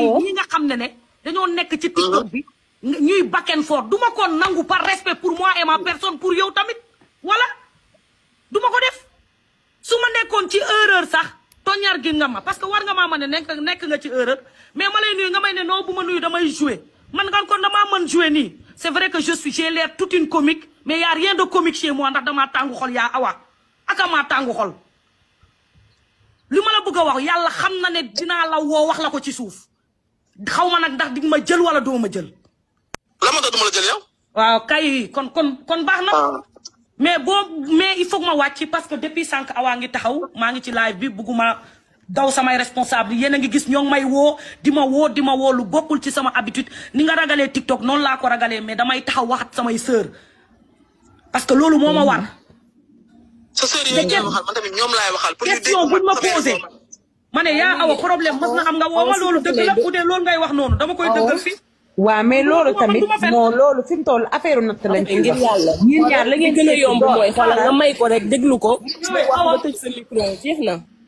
tey nga xam ne ne dañoo ci tiktok bi ñuy bakken fort duma ko nangu par respect pour moi et ma personne pour yow tamit wala duma ko def suma ma ci erreur sax toñar gi nga ma parce que war nga ma mané nek nekk nga ci erreur mais ma lay nuyu nga may ne non bu nuyu damay jouer man nga kon dama man jouer ni c'est vrai que je suis j'ai l'air toute une comique mais y a rien de comique chez moi ndax dama tàngu xol ya awa aka maa tàngu xol li ma la bëgg wax yalla xam na ne dinaa la wo wax la ko ci souf xawma nak ndax dig ma jël wala doo ma jël. la ma tax ma la jël yow. waaw kay kon kon kon baxna ah. mais bo mais il faut ma wacc parce que depuis sank awa ngi taxaw ma ngi ci live bi buguma daw sama responsable yéen ngi gis ñong may wo di ma woo di ma lu bokul ci sama habitude ni nga ragalé TikTok non la ko ragalé mais damay taxaw waxat sama sœur parce que lolu moma war. sa sœur yi ñom lay waxal pour ñu dégg question buñ ma posé. ma ne yaa awa problème na am nga woo ma loolu dëgg wax noonu dama koy dëggal fii. waaw mais loolu tamit non loolu fi mu toll affaire natt lañ fi la ngeen gën a yomb mooy xoolal nga may ko rek déglu ko. wax ba tëj sa